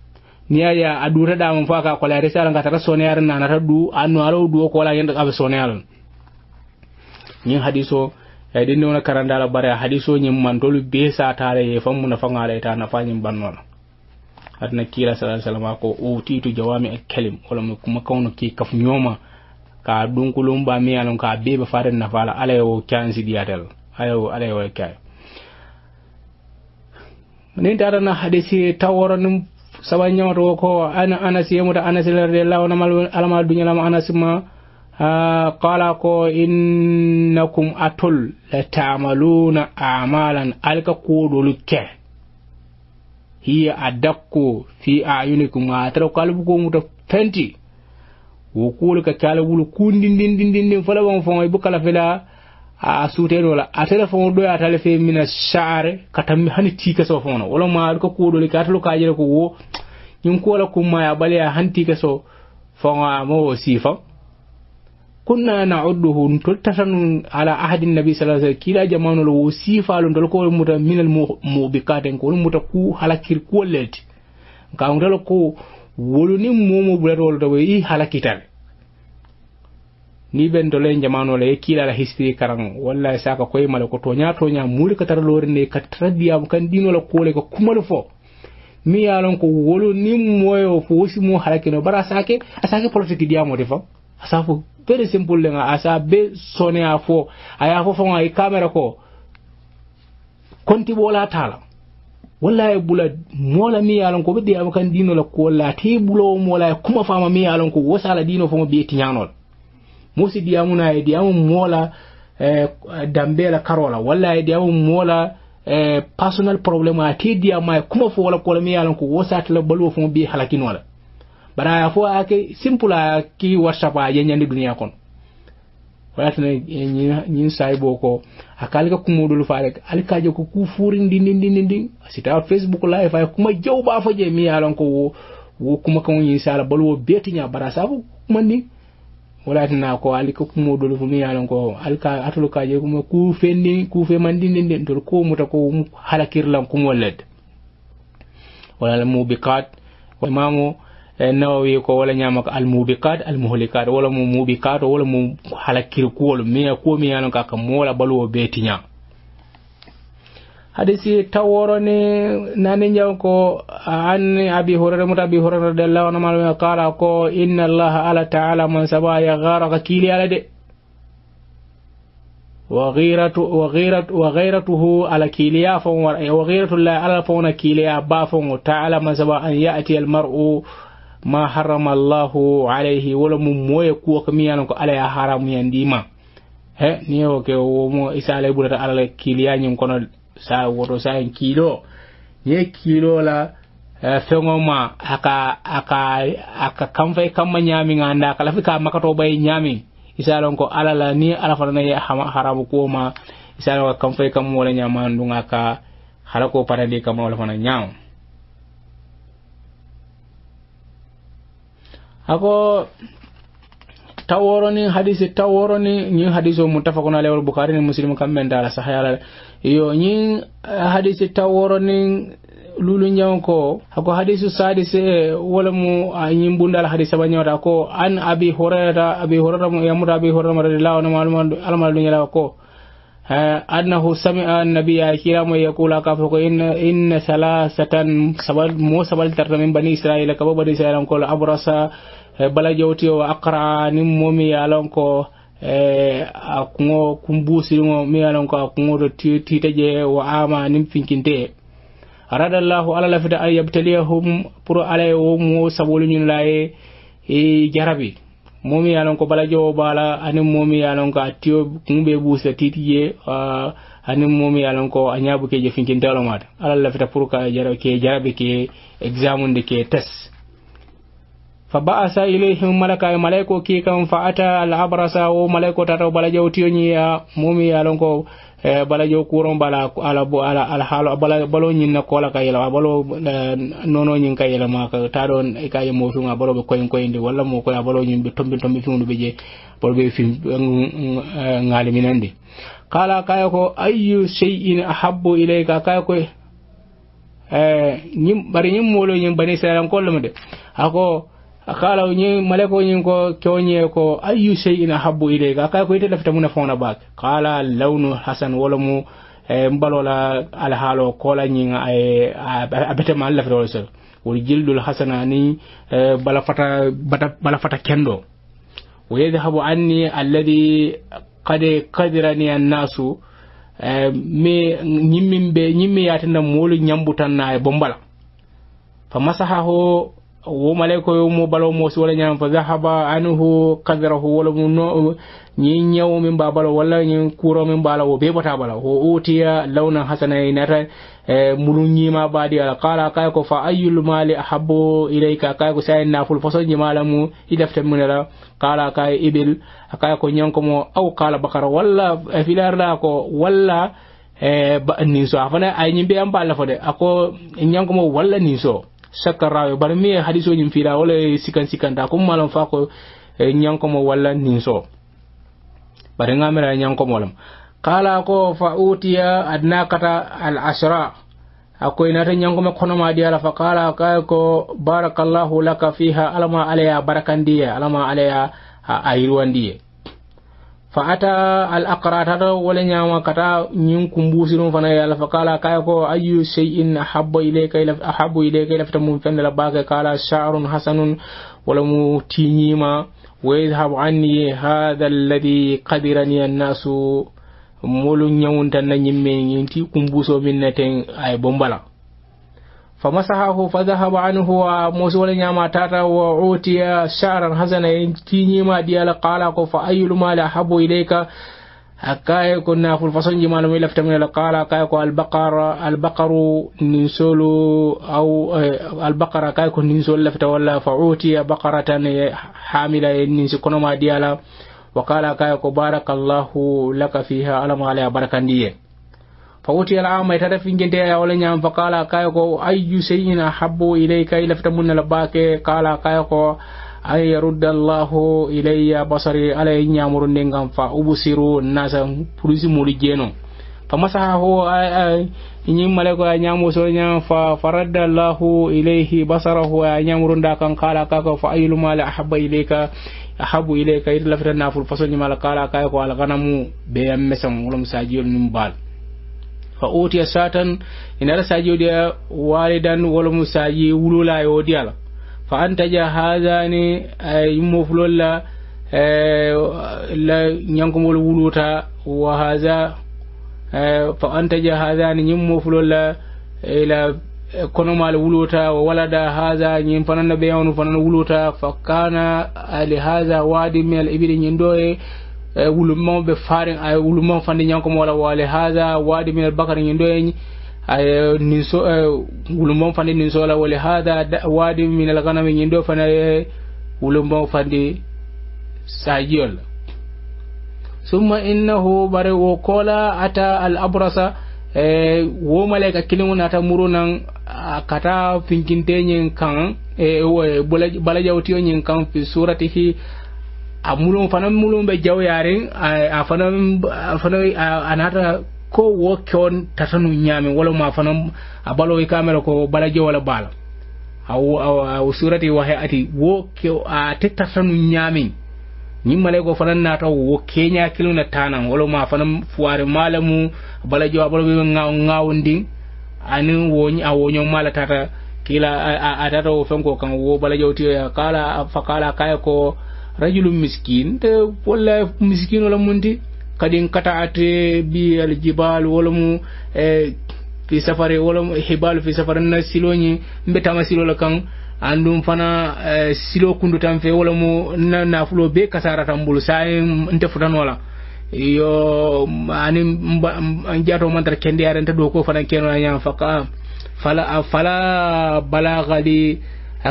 ni ya ya adura da mun faka koleya de salon ka ta sonya ran nana ta du anno aro du ko la yenda ka sonya lam eh, ni hadiso ay din wona la bare hadiso nyim man dolu be sa tare ye famu na fanga ta na fanyim banwala atna kira sallallahu alaihi wasallam ko utitu jawami al-kalim wala mo kuma kawno ki kaf nyoma ka dunkulum ba mi alon ka beba fare na fala alewo chance alewo alewo ala kay nin tara na hadisi tawara num sawa nyawto ko ana anas yemuta anas radhiyallahu anhu alama dunya lama anas ma qala ko innakum atul la ta'maluna a'malan alka kudul ke hiya adakko fi ayunikum atara kalbukum ta tanti wo kul ka kala wul kundin din din din din fala bon fon bu kala fela a suten wala a telefon do ya tale fe mina share katam hani tika so fon wala ma ko ko do ka talo ka jere ko wo nyum ko la kuma ya bale ya hanti ka so fon mo sifa kunna nauduhu n tottata num ala ahadi nabi sa sallam kiila jamanol wo siifalo ndol ko muta minal mubikaten ko muta ku halakir kuwol lelti kawndal ko wolunin momo bulata wol tawa i halakitale ni ben dole jamano la kila la history karan walla saka koy e mala ko tonya tonya muri ka tar lori ne ka tarbiya kan dino la kole ko kumal fo mi yalon ko wolo ni moyo fo si mo halake no bara sake asake politique diamo defam asa fo very simple le asa be sone a fo aya fo fo nga i e camera ko konti bola tala walla e bula mola mi yalon ko be am kan dino la ko la bulo mola e kuma fama mi yalon ko wosala dino fo mo be tiñanol musi diyamuna e diyamu mola eh, dambe karola walla e diyamu mola eh, personal problème a te diyama kuma fo wala ko mi yalon ko wosata la balwo fo mo be halakinola bara fo ake simple a ki whatsapp a dunia kon kono walatana ñin saybo ko akali ka kumodolu fa rek ali kaje ko ku furin din din din sita facebook live ay kuma jaw ba fa je mi yalon ko wo wo kuma kan ñin sala bal beti nya bara sa ko kuma ni walatana ko ali ka kumodolu fu mi yalon ko ali ka atulu kaje kuma ku fendi ku fe man din din din ko muta ko halakir lan kumo led wala mu biqat wa imamu Eh, nawawi ko wala ñama ko almubiqat almuhlikat wala mo mubiqat wala mo halakir kuwol miya kuwo mi yanon ka ka mola baluwo be tiña nani jaw ko an abi hurara muta abi hurara radiallahu anhu ma qala ko inna allaha ala taala man saba ya gara ka kili ala de وغيرته على كيليا فون وغيرة الله على فون كيليا بافون تعالى من سبا أن يأتي المرء ma harama allahu alayhi wala mum moye kuwo ko ko ala ya haramu dima he ni o ke o mo isa ala burata ala kiliya nyum kono sa woto sa en kilo ye kilo la e, fengo ma aka aka aka kam ma nyami nganda kala fi ka makato bay nyami isa lon ko ala la ni ala fana ya haram ko ma isa lon ko fay kam wala nyama ndunga ka halako parade kam wala fana nyaam ako taworoni hadisi taworoni ñin hadise o na alay Bukhari ni muslim men dara sahayala yo ni eh, hadisi taworoni lulu ñaw ko ako hadisu sadise eh, wala mu ah, ni bundal hadisa ba ñawta ko an abi hurairata abi mu yamuta abi hurairata radhiyallahu anhu almal ɗum ñalawa ko annahu sami'a annabiya kiramo yaqula ka foko inna inna salasatan sabal mo sabal tarta min bani israila ka bani israila ko abrasa bala jawti o aqra nim momi yalon ko a kungo kumbusi mo mi yalon ko a kungo do wa ama nim finkinte aradallahu ala lafita an yabtaliyahum pour alay laye jarabi momi ye lon ko balajowo bala ani momi ye lon ko a tiyo kun buusa titi je uh, ani momi ya lon ko a ñaabu ke je finkintalo mata ala lafita pour puruka jara ke jarabe ke examun ndi ke test fa ba'asa ilayhim malaka ya malaiko ki kam fa ata al abrasa wo malaiko tata balajowo tiyoñi ya momi ye lon ko balajo eh, kuron bala ala ala ala halo bala balo nyin na kola ka yela balo eh, nono nyin ka yela ma ka ta don e ka yemo fi ma balo be koyin koyin de wala mo koya balo nyin be tombi tombi fi mo be je bol be fi eh, ngali minande kala kayo ko ayyu shay'in ahabbu ilayka kayo ko eh nyim bari nyim molo nyim bani salam kollo mo de ako akala onye maleko onye ko kyonye ko ayu shay shay'in habbu ga akala ko ite lafta muna fauna bak qala launu hasan wala mu e eh, mbalola al alhaalo kola nyinga ay eh, abete ma la wala sel wol jildul hasanani eh, bala fata bala fata kendo wa habu anni alladhi qad qadirani an-nasu me nyimmi be nyimmi yatina molu nyambutan na bombala fa masahaho wo malaiko yo mo balo mo si wala nyam fa zahaba anhu qadrahu wala mu no ni nyaw min ba balo wala ni kuro min bala wo be bata bala wo utiya launan hasana ina ta inata e, mulun nyima badi ala qala kay ko fa ayyul mali ahabbu ilayka kay ko sayin na ful faso nyima la mu idafta min la qala kay ibil kay ko nyanko mo aw qala bakara wala e, filar la ko wala e ba ni so afana ay nyimbe am bala de ako nyanko mo wala so sakkarayo bara mi ye hadisoñin fiila wala sikan sikanta comme malam fa ko ñankomo eh, walla nin so bare ngamira ñankomolam kala ko fa utiya adnakata al ashra akoy nata ñangoma konoma di ala fa kala kay ko barakallahu laka fiha alama alaya barakandiye alama alaya a ayirwandiye fa ata al aqrata do wala nyaama kata nyin kumbusi dum fana yalla fa kala kay ko ayyu shay'in ahabba ilayka ila ahabbu ilayka ila mun fenda la baka kala sha'run hasanun wala mu tinima wa yadhhab anni hadha alladhi qadirani an-nasu mulu nyawunta na nyimme nyinti kumbuso min naten ay bombala فمسحه فذهب عنه وموسول نياما تاتا وعوتي شعرا حسنا كي نيما ديالا قالا فأي المال أحب إليك akaye ko naful façon ji manam ilaf tamina la qala akaye ko al baqara al baqaru nin solo aw al baqara akaye ko nin solo lafta walla fa'uti baqaratan hamila nin si kono ma diala wa qala akaye ko barakallahu laka fiha alama ala barakandiye Pauti ala may tare fingentia ya ʻole nya mpaka la kaiko ai jusai nya na habbo ilei ka ila fata muna labake kala kaiko ai arudal lahu ilei basari aley nya mura fa ubusiru na sahurizimuri geno. Tamasa ha ho ay ai inyimalego ai nya muso nya fa faradal lahu ilei hi basara ho nda kang kala ka ka fa ai lumala habba ilei ka, a habbo ilei ka ila fata na furi fasod nyimala kala kaiko a laka namu bea mesong ulam sajiol numbal. fa otiya satan ina inara sajiodiya walidan wolmu wulula wululayo diyala fa antaja hadani yimmo fulolla la wala eh, wuluta wa haza eh, fa antaja hadani yimmo fulolla ila eh, konomal wuluta wa walada hada ñin fanana yawnu fanana wuluta fa kana ali haza wadi mel ibiri ñin wulumon eh, be faren ay eh, wulumon fande ñankomo walla wale hada wadi min albakara ñin ɗo eh, ay ninso wulumon fande ninso walla wale hada wadi min alganami ñin ɗo fana wulumon fandi sajiyol summa innahu bare wo kola ata al abrasa wo malaika na nata muru naŋ ah, kata finkinteñiŋ kaŋ bala balajawti nyen kaŋ fi suratihi a mulum fana mulum be jaw yarin a fana a fana anata ko wo kyon tasanu nyame wala ma fana a balo e kamera ko bala je wala bala aw surati wahe ati wo ke a te tasanu nyame ñiŋ male ko na naata wo keeñaa kiliŋ na tanan wala ma fanan fuwaari malamu lemu bala jo a bala ngaw ŋaawo ŋaawondiŋ aniŋ wo a woñoŋ maa la taata kila a tata wo fanko ko wo bala jo tiyo ya kaala fa kala kaye ko rajulu miskin te walla miskin wala kadin kata ate bi aljibal wala mu eh, fi safare wala hibalu fi safare na siloñi mbetama silola kan andum fana eh, silo kundu tan fe wala mu na nafulo be kasara tan bulu saye nte futanola yo ani jato mantar kendi arenta do ko fana kenola ñam faka fala fala balagha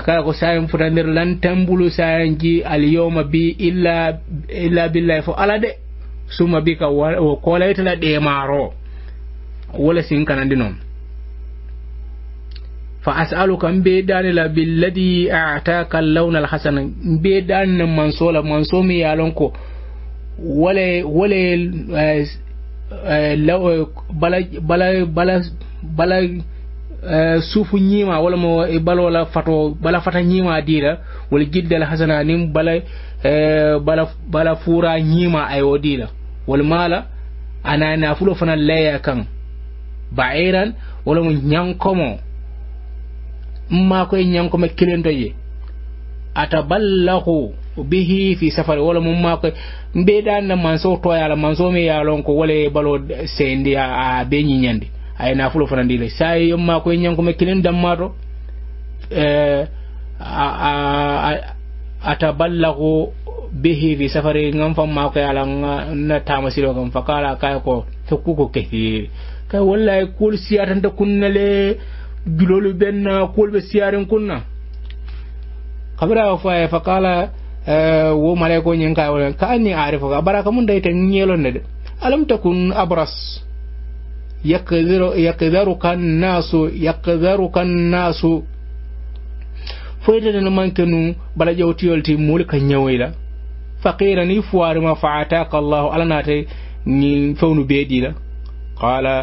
ko sayan futandir lan tambulu sayen ji alyawma bi illa illa billahi fo ala de suma bi ka wo de maro wala sinkanandi dinon. fa as'aluka mbe dani la billadi a'taka al-lawna al-hasana mbe dani na sola la manso mi yalon ko wala wale eh, eh, bala bala bala bala Eh, sufu ñima wala mo e balola fato bala fata ñima diira wala giddal hasana nim eh, bala bala bala fura ñima ayo diira wal mala ana na fulo fana laya kan ba'iran wala mo ñankomo ma koy ñankomo kilento ye ataballahu bihi fi safari wala mo ma koy mbe dan na manso toyala manso mi yalon ko wala e balo sendi a be ñandi ay na fulo nafulo fanandi le sayi yomma koye ñankume kilin dammato eh, ataballagu bihi fi safari ngam fam ma koy ala na tamasilo ngam fakala kay ko fekkuko kehiri kay wallahi kul kuol da kunnale julolu ben kuol ɓe siyarin kunna kabira fa fakala eh, wo malaiko ñin kay wolen ka anni arifo ka baraka mun dayta nyelon ne de alam takun abras yakdaruka annasu yakdaruka annasu foytaneno mankenu bala jawtiyol ti muuli ka ñawoyla faqiran i fuwarima fa ataka allahu ala naate ni fewnu beeɗiila qala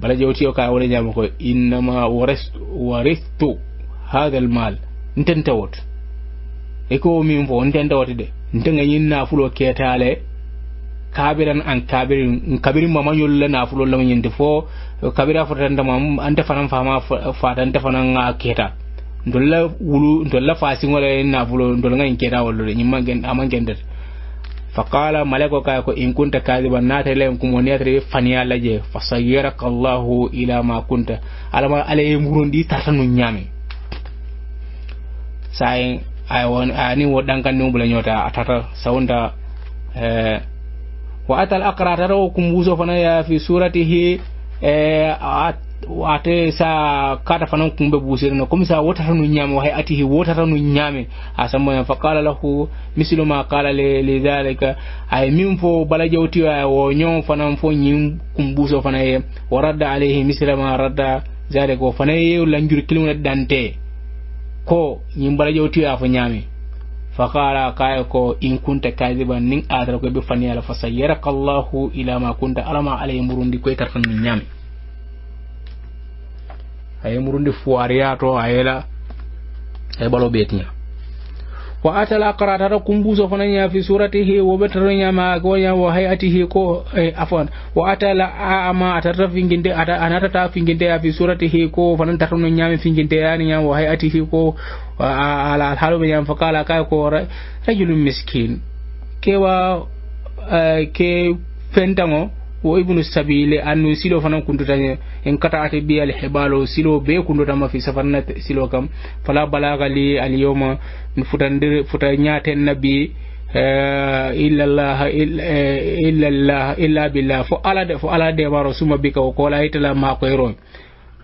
bala jawtiyo ka wona ñama ko innama warithtu hatha l mal ntentawot e ko min fo ntentawoti de ntenga ñin nafulo keetale kabiran an kabirin in kabirin ma manyol yolle na fulo lam manyin defo kabira fotan an mam fa ma fa dan fanan nga keta ndolla wulu ndolla fasin wala na fulo ndol ngai keta wolle nyimma gen amangen fa qala malako ka ko in kunta kaliban na tele kum woni atare faniya laje fa fasayyaraka Allahu ila ma kunta alama ala e murundi tartanu nyame sai ay won ani wodan kan no bula nyota atata sawunda eh kum الأقرع fana ya fi suratihi سورته e, ate sa kata fanan kun be busere no komisa wota tanu nyame hay atihi wota tanu nyame asamo fa qala lahu mislu ma qala li li dhalika ay min fo bala jawti wo nyon fanan fo nyim kun buso fanaye radda alayhi mislu ma radda zalika fanaye lanjur kilmu dante ko nyim bala jawti fo nyame فقال كايكو إن كنت كاذبا نين آدر كو بفني على فسيرك الله إلى ما كنت ألما عليه مروندي كو ترفن من نيامي أي مروندي فوارياتو أيلا أي بلو بيتنيا wa ata la qarata ra aqrata kumbuso fana nya fi suratihi wa nya ma go nya wa hayatihi ko afwan wa ata la ama ata atata finginde anata ta finginde ya fi suratihi ko fana tatano nya mi finginde ya nya wa hayatihi ko ala al halu nya fakala ka ko rajulun miskin ke wa ke fentango wo ibnu sabile anno silo fanan kundota en kataate ɓi al heɓalo silo be kundotama fi safanna silo kam fala balagali alyoma mi futandir futa ñatenna bi illallah eh, illallah eh, illa billah fo ala fo ala demaro suma bi ka o kola yitala makoyron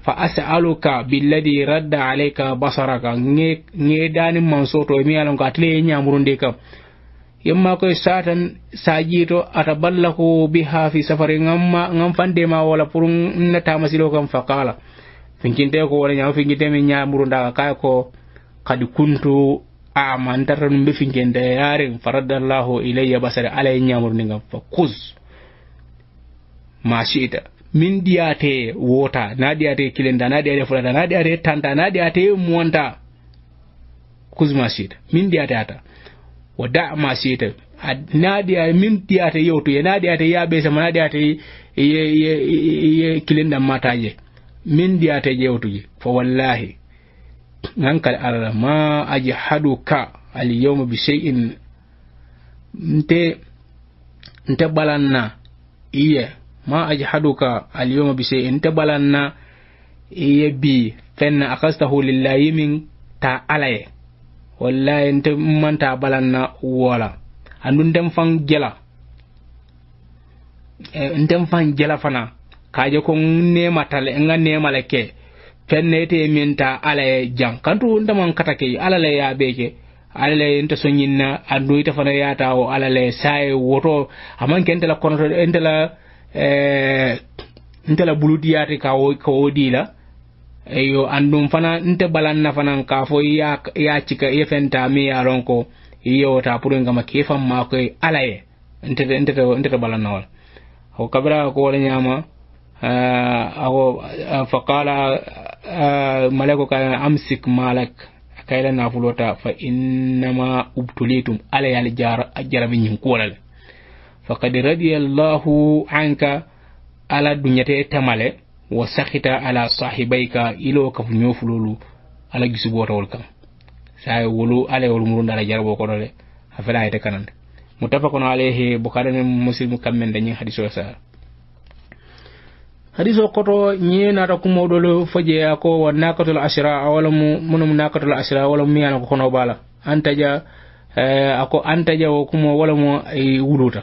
fa asaluka billadi radda alayka basaraka ŋe ŋe dani mansoto mi yalonko atele ye ñamurundi kam yamma koy satan sajito ata balla biha fi safari ngam fande ma wala pour natama silo kam faqala finkinte ko wala ñama finkinte nyaa muru ndaga kay ko kadi kuntu aman taran be finkinte faradallahu ilayya basare alay ñamuru ndi fa mashita min diate wota na ɗiyate kilenda na ɗiyate fulata na ɗiyate tanta na ɗiyate monta mashita min diate ata wadda ma seta nadia min ta yau to diyata yewtu ye nadiata yaɓe sama kilin da mata je min ta diyata yewtuji fa wallahi nan kal arama aji hadu ka al alyawma bi shay'in nte nte ɓalanna iye ma aji hadu ka al alyawma bi shay'in nte ɓalanna iye bi fenna akastahu lillahi min ta alaye wallahi nte manta balanna wola andu ntem fan jela eh, ntem fan jela fana kaje ko nematale nga nemale ke fenne te minta ala ye jang kantu ndaman katake ala le ya beke ala le nta sonyinna andu ite fana yata o ala le saye woto aman kente la kono ente la eh ente la buludi ka o ka o eyo andun fana nte balanna fana k'a fɔ i y'a cika i ye fɛn ta min y'a lɔn ko i ye o ta pour kama k'e eh, fan maa ko ye ala ye ntete balanna wala o kabira ko wala ɲama ako eh, eh, ka amsik malak kaila nafulota fa innama ubtulitum ala yali jarabi ñin kuwola le faqad radiya allahu anka ala duñate tamale wa sahita ala sahibayka ilo kafu ñofulolu ala gisu botawol kan saye wolu ala wol murunda ala jarabo kono le a fela ayete kanande mutafakun alayhi bukhari ne muslimu kammen dañin hadiso sa hadiso koto ñe nata kumoɗol foje a ko wa nakatul ashra wala mu munum nakatul ashra wala mu miyana ko kono bala antaja eh, ako antaja wo kumo wala mu wuluta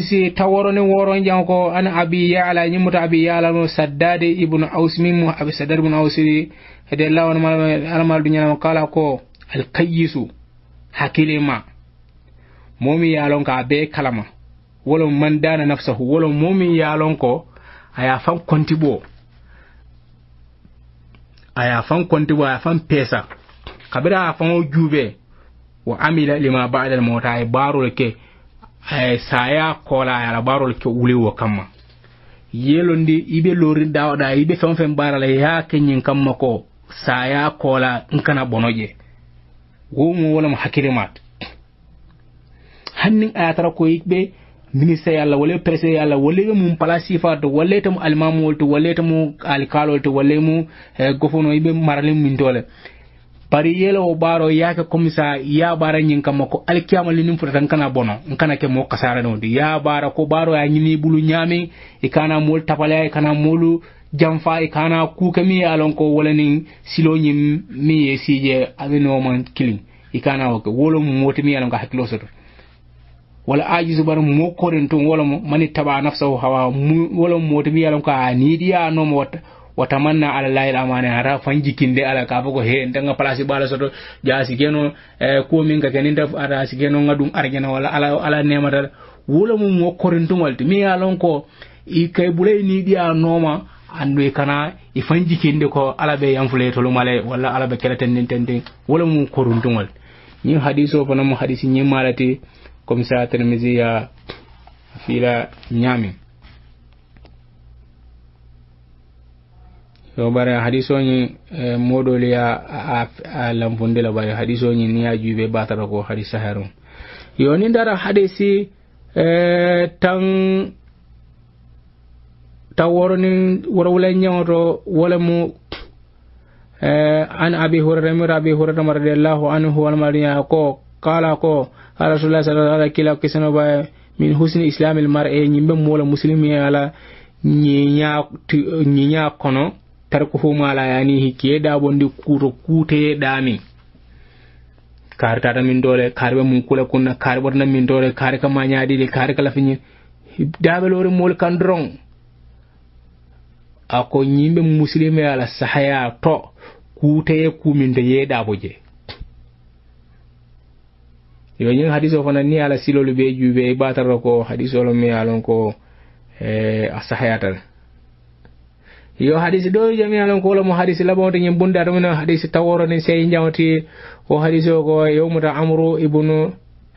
si tawaroni woron jan ko an abi yala muta abi yala mo saddade ibnu aus min abi saddade ibnu aus hede allah on almal du ñanama kala ko alkayisu hakilima momi yalon ko a be kalama wolo man dana nafsahu wolon momin yalon ko aya fan kontibo aya fan kontibo aya fan pesa kabira a fan o juube wa amila lima ba'da al mawta ay barol ke ay eh, saya kola ala barol ke ulewo kamma yelondi ibe lori dawda ibe fen fen barala ya kenyin kamma ko saya kola nkana bonoje womo wala mu hakilimat hannin tara ko yikbe ministre yalla wala presse yalla wala be mum pala sifa to wala tam almamol to wala tam alkalol to wala mu eh, gofono ibe marale min dole bari yelo baro yake komisa ya bara nyin kama ko alkiyama li nim fotata kana bono kana ke mo kasara no di ya bara ko baro ya nyini bulu nyami e kana mol tapala e kana molu jamfa e kana ku kami alon ko wala ni silo nyim mi e sije amino man kilin e kana o ko wolo mo moti mi alon ka hakilo soto wala ajizu bar mo koren ton wala mani taba nafsahu hawa wala moti mi alon ka ni dia no mo wata watamanna ala llahi l amane hata fanjikinde ala ka fo ko he ndenga place ɓaala soto ja sikeno e eh, komin ka keni ndef ata sikeno nga arjana walla ala ala nematala wula mum wo korintuŋol ti mi ye lon ko i kay ɓulay ni ɗiya nooma andu i kana i fanjikinde ko ala ɓe yanfule tolumale walla ala ɓe kela tendin tendin wala mum koruntuŋol ñin hadis o fana mu hadisi ñin malati comme ça termisi ya fiila ñaamin yo bare hadiso ñi eh, moɗoli ya a lampundila bari hadiso ñi ni ya juɓe batara ko hadi saharum yo ni dara hadisi eh, tan tan woro worowula ñawoto wala mu eh, an abi hurra mi rabi hurra mar de allah anhu wal mariya ko kala ko rasulullah sallallahu alaihi wasallam kila kisano bay min husni islamil mar'e nyimbe mola muslimi ala nyinya nyinya kono mala yani yanihi da bondi kuro kute dami kar tata min dole kar be mun kula kunna kar borna min dole kar ka nyaadi de kar kala finyi dabe lori mol kandron ako nyimbe muslimi ala sahaya to ku ye da boje yo nyi hadiso fana ni ala silolu be juube e batar ko hadiso lo mi alon ko eh, a sahaya tal yo hadisi do jami alon ko mo hadisi to nyim bunda do no hadisi taworo ni sey njawti o hadisi o ko yawmuta amru ibnu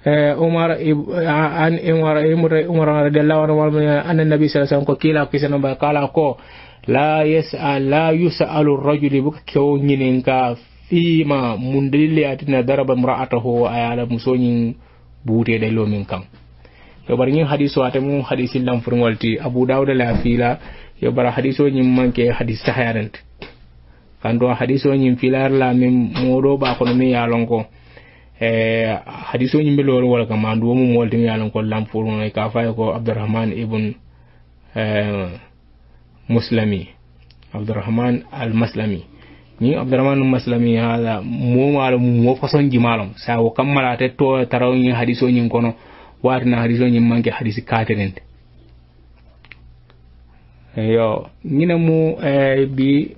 eh, umar eh, an umar umar radhiyallahu anhu anna nabi sallallahu alaihi wasallam ko kila sen ba kala ko la yasa la yus'alu ar-rajul bu ko nyinin ka fima mundilli atina daraba imra'atahu ayala musonin bute de lomin kan to bar hadisi wa atemu hadisi furngolti abu dawud la fila yo bara hadisoñin manke hadis sahayanante kanto hadisoñin filar la min moɗo ɓa kono min yalon ko eh, hadisoñin be lowol wala kam andu womu molti min yalon ko lampuruno ka fay ko abdourahman ibn eh, muslami abdourahman al maslami ni abdourahman maslami hala momalo mo façon jimalom sawo kammalate to tarawñin hadisoñin kono watina hadisoñin manke hadisi katerente yo ñine mu eh, bi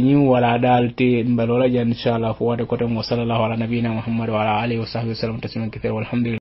ñim eh, wala dal te mbalola jan inchallah fo wate kote mo sallallahu ala nabiyina muhammad wa ala alihi wa sahbihi wa sallam tasliman kathira walhamdulillah